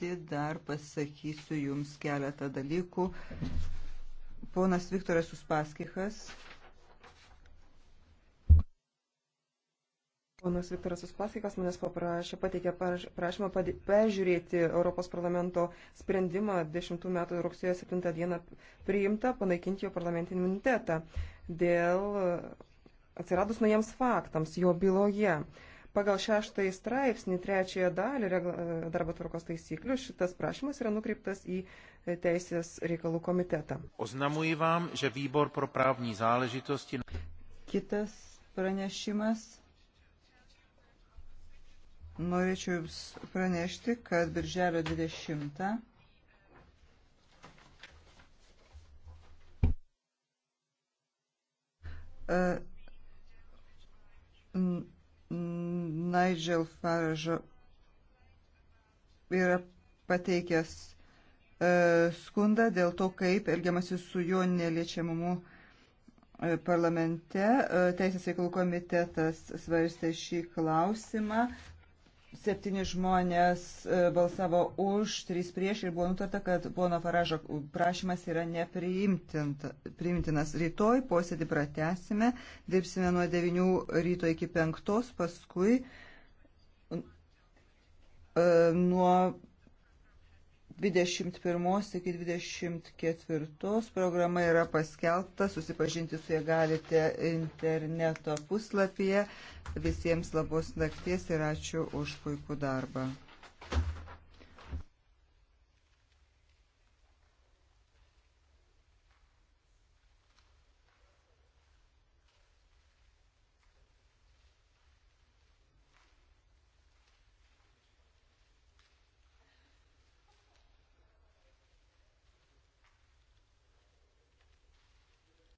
sritį dar pasakysiu Jums keletą dalykų. Ponas Viktoras Uspaskichas. Ponas Viktoras Uspaskikas manęs paprašė, pateikė prašymą peržiūrėti Europos parlamento sprendimą 10 metų rugsėjo 7 dieną priimtą panaikinti jo parlamentinį imunitetą dėl atsiradus naujiems faktams jo byloje. Pagal šeštąjį straipsnį trečiąją dalį darbo tvarkos taisyklių šitas prašymas yra nukreiptas į e, Teisės reikalų komitetą. Oznamuji vam, že výbor pro právní záležitosti. Kitas pranešimas. Norėčiau Jums pranešti, kad birželio 20. Uh, Nigel Farage'o yra pateikęs e, skundą dėl to, kaip elgiamasi su jo neliečiamumu e, parlamente. E, Teisės reikalų komitetas svarstė šį klausimą. Septyni žmonės e, balsavo už, trys prieš ir buvo nutarta, kad pono Faražo prašymas yra nepriimtinas. Rytoj posėdį pratesime, dirbsime nuo 9 ryto iki 5, paskui e, nuo 21 iki 24 programa yra paskelbta, susipažinti su ją galite interneto puslapyje. Visiems labos nakties ir ačiū už puikų darbą.